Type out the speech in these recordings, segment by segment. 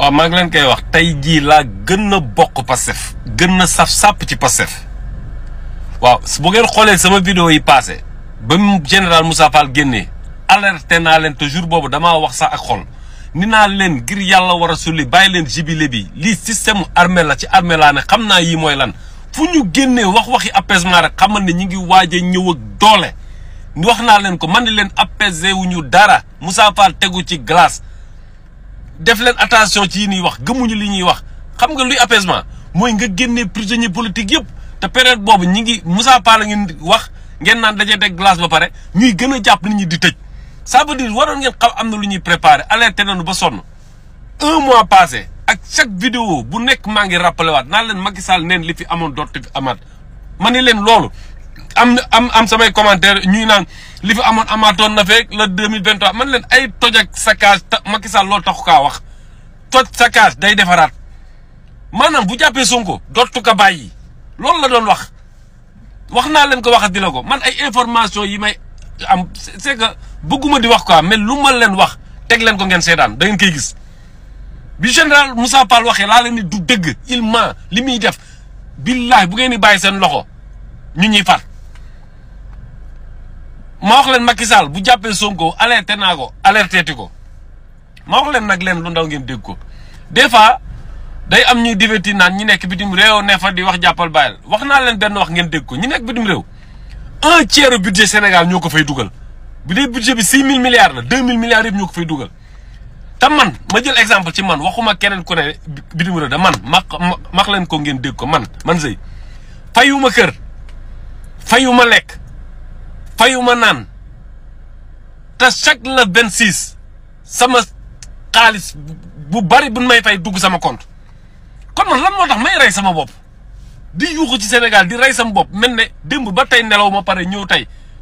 waaw maa ngi leen koy wax tey jii laa gën a bokk Pastef gën a saf-sàpp ci Pastef waaw bu ngeen xoolee sama vidéo yi passé ba général Moussa Fall génnee alerté naa leen te boobu damaa wax sax ak xol ni naa leen ngir yàlla war a sulli bàyyi leen jibile bi lii système armée la ci armée ne xam naa yii mooy lan fu ñu génnee wax waxi apaisement rek xamal ne ñi ngi waaj ñëw ak doole wax naa leen ko man ni leen apaiser wu ñu dara Moussa Fall tegu ci glace def leen attention ci yi ñuy wax gëmuñu li ñuy wax xam nga luy apaisement mooy nga génnee prisonnier politique yëpp te période boobu ñi ngi Moussa Palla ngeen wax ngeen naan dajee teg ba pare ñuy gën a jàpp ni ñi di tëj ça veut dire waroon ngeen xam am na lu ñuy préparé alerté nañu ba sonn un mois passé ak chaque vidéo bu nekk maa ngi rappelé waat naan leen Macky Sall neen li fi amoon dootu fi amaat ma ni leen loolu am am am samay commentaire ñuy nan li fi amone amaton na fek le 2023 man len ay toj ak saccage Macky Sall lo taxu kaa wax toj saccage day defarat manam bu jappé Sonko dotu ka bayyi lool la doon wax wax naa leen ko waxati lako man ay information yi may am c'est que bëgguma di wax quoi mais luma len wax tek len ko ngeen sétane da ngeen kay gis bi général Moussa Fall waxé la len ni du dëgg il ment limi def billahi bu ngeen ni bayyi sen loxo ñu ñi fat ma wax leen Macky Sall bu jàppee Sonko alerté naa ko alertéti ko ma wax leen nag leen lu ndaw ngeen dégg ko des fois day am ñuy divertir naan ñi nekk bitim réew ne fa di wax jàppal bàyyil wax naa leen benn wax ngeen dégg ko ñi nekk bitim réew un tiers budget Sénégal ñoo ko fay dugal bu dee budget bi six mille milliards la deux mille milliards yëpp ñoo ko fay dugal tam man ma jël exemple ci man waxuma keneen ko ne bitim réew da man ma max leen ko ngeen dégg ko man man sëy fayuma kër fayuma lekk fayuma naan ta chaque le 26 sama khalis bu bari buñ may fay dugg sama compte kon man lan motax may ray sama bop di yuxu ci senegal di ray sama bop melne demb ba tay nelaw ma pare ñëw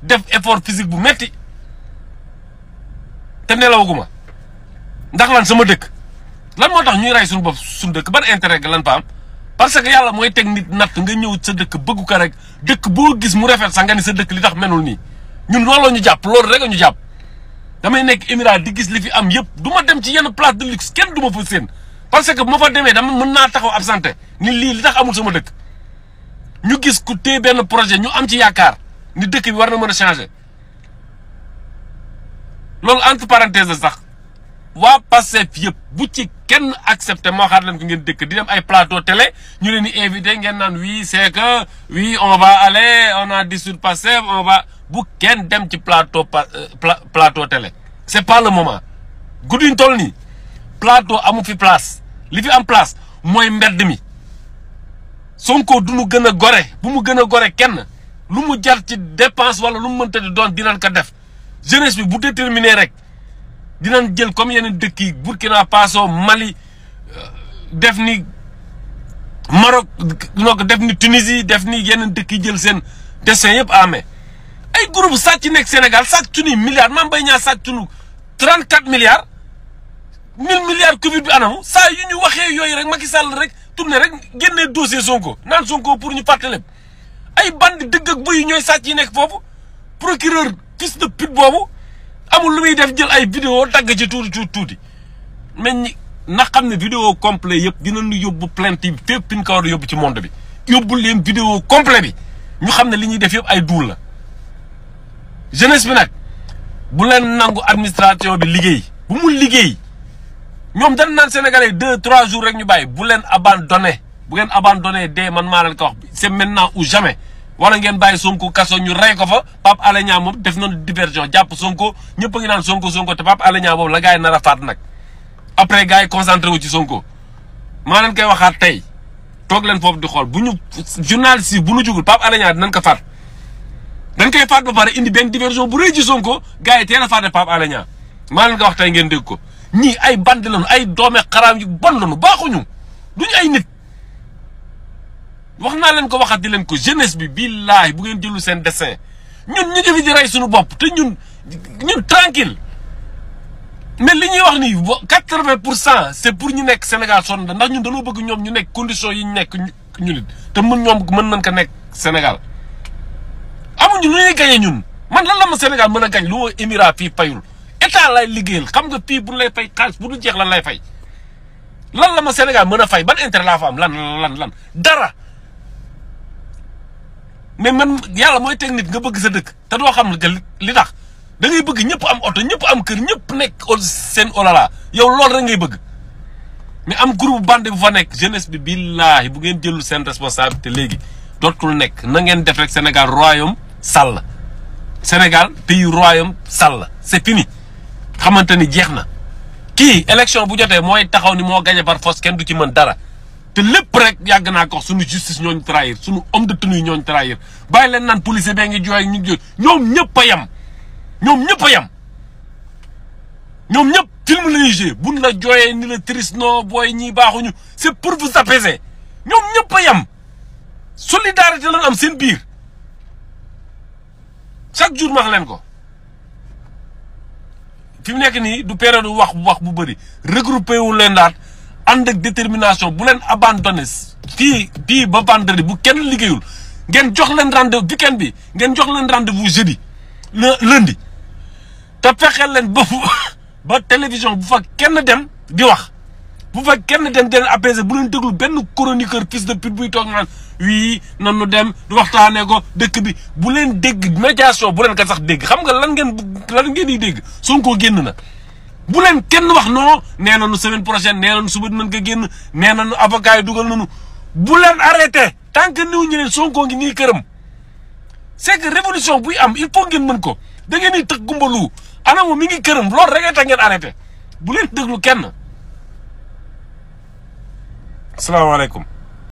def effort physique bu metti te guma, ndax lan sama dekk lan motax ñuy ray suñu bop suñu dekk ban intérêt lan parce que yalla moy tek nit nat nga ñew sa dëkk bëgg ko rek dëkk bo gis mu rafet sa nga ni sa dëkk li tax menul ni ñun looloo ñu japp loolu rek ñu japp damay nek emirat di gis li fi am yépp duma dem ci yenn place de luxe kenn duma fa seen parce que ma fa démé dama mën na taxaw absenté ni li li tax amul sama dëkk ñu gis ku té ben projet ñu am ci yaakaar ni dëkk bi war na mëna changer loolu entre parenthèse sax wa Pastef yëpp bu ci kenn accepté moo xaar leen ko ngeen dëkk di dem ay plateau télé ñu leen di invité ngeen naan oui c'est que oui on va aller on a dissous Pastef on va bu kenn dem ci plateau euh, plateau télé. c'est pas le moment guddi ñu toll plateau amu fi place li fi am place mooy mbedd mi Sonko du mu gën a gore bu mu gën a gore kenn lu mu jar ci dépense wala lu mu mënta di doon dinañ ko def jeunesse bi bu déterminé rek. dinañ jël comme yeneen dëkk yi Burkina Faso Mali euh, def ni Maroc donc def ni Tunisie def ni yeneen dëkk yi jël seen destin yëpp amee ay groupe sàcc nekk Sénégal sàcc suñuy milliards Mame Mbaye Niang sàcc suñu 34 milliards 1000 milliards Covid bi anamu saa yu ñu waxee yooyu rek Macky Sall rek tourné rek genne dossier Sonko naan Sonko pour ñu fàtte lépp ay bandi dëgg ak bëy ñooy sàcc yi nekk foofu procureur fils de pute boobu. amul lu muy def jël ay vidéo dagg ci tuuti tuuti tuuti mais ñi na xam ne vidéo complet yëpp dinañu yóbbu plainte yi fépp ñu ko war a yóbbu ci monde bi yóbbul leen vidéo complet bi ñu xam ne li ñuy def yëpp ay duul la jeunesse bi nag bu leen nangu administration bi liggéey bu mu liggéey ñoom dañ naan sénégalais deux trois jours rek ñu bàyyi bu leen donné bu ngeen abandonné dee man maa leen ko wax c'est maintenant ou jamais wala ngeen bàyyi Sonko kaso ñu rey ko fa pap Alé moom def nañu diversion jàpp Sonko ñëpp a ngi naan Sonko Sonko te Pape Alé moom boobu la gars yi nar a faat nag après gars yi concentré wu ci Sonko maa leen koy waxaat tey toog leen foofu di xool bu ñu journaliste si bu ñu jugul Pape Alé Niang dinañ ko faat dañ koy faat ba pare indi benn diversion bu rëy ci Sonko gars yi teel a faate Pape Alé maa leen ko wax tey ngeen dégg ko ñii ay bandi lañu ay doome xaraam yu bon lañu baaxuñu duñu ay nit wax naa leen ko waxat di leen ko jeunesse bi billaay bu ngeen jëlu seen destin ñun ñu ngi fi rey suñu bopp te ñun ñun tranquille mais li ñuy wax nii ba quatre vingt pour cent c' pour ñu nekk Sénégal sonn na ndax ñun dañoo bëgg ñoom ñu nekk condition yi ñu nekk ñu nit te mën ñoom mën nañ ko nekk Sénégal amuñu lu ñuy gañe ñun man lan la ma Sénégal mën a gañ lu ma émirat fii payul état lay liggéeyal xam nga fii bu lay fay xaalis bu du jeex lan lay fay lan la ma Sénégal mën a fay ban intérêt laa am lan lan lan dara mais man yalla moy teg nit nga bëgg sa dëkk ta do xam li tax da ngay bëgg ñëpp am auto ñëpp am kër ñëpp nekk sen olala yow lool rek ngay bëgg mais am groupe bande bu fa nekk jeunesse bi billahi bu ngeen jëlul sen responsabilité légui dotul nekk na ngeen def rek Sénégal royaume sal Sénégal pays royaume sal c'est fini xamanteni jeexna ki na élection bu jotté moy taxaw ni mo gagné par force kenn du ci mën dara te lépp rek yàgg naa ko wax suñu justice ñooñu trahir suñu homme de tenue ñooñu trahir bàyyi leen naan policier bee ngi jooy ñu jooy ñoom ñëpp a yem ñoom ñëpp yem ñoom ñëpp film la ñuy joué buñ la jooyee ni la triste non booy ñii baaxuñu c'est pour vous apaiser ñoom ñëpp a yem solidarité lañ am seen biir chaque jour max leen ko fi mu nekk nii du période wax wax bu bëri regroupé wu leen daat ànd ak détermination bu leen abandonné fii fii ba vendredi bu kenn liggéeyul ngeen jox leen rendez-vous weekend bi ngeen jox leen rendez-vous jeudi lundi te fexeel leen ba ba télévision bu fa kenn dem di wax bu fa kenn dem den apaiser bu leen déglu benn chroniqueur fils de pute buy toog naan wii nan nu dem du waxtaanee ko dëkk bi bu leen dégg médiation bu leen ko sax dégg xam nga lan ngeen lan ngeen di dégg Sonko génn na bu leen kenn wax non nee nañu semaine prochaine nee nañu suba dinañ ko génn nee nañu avocat yi dugal nanu bu leen arrêté tant que niw ñu leen ngi nii këram c'est que révolution buy am il faut ngeen mën ko da ngeen di tëg gumbalu anamo mi ngi këram loolu rek tax ngeen arrêté bu leen déglu kenn. asalaamaaleykum.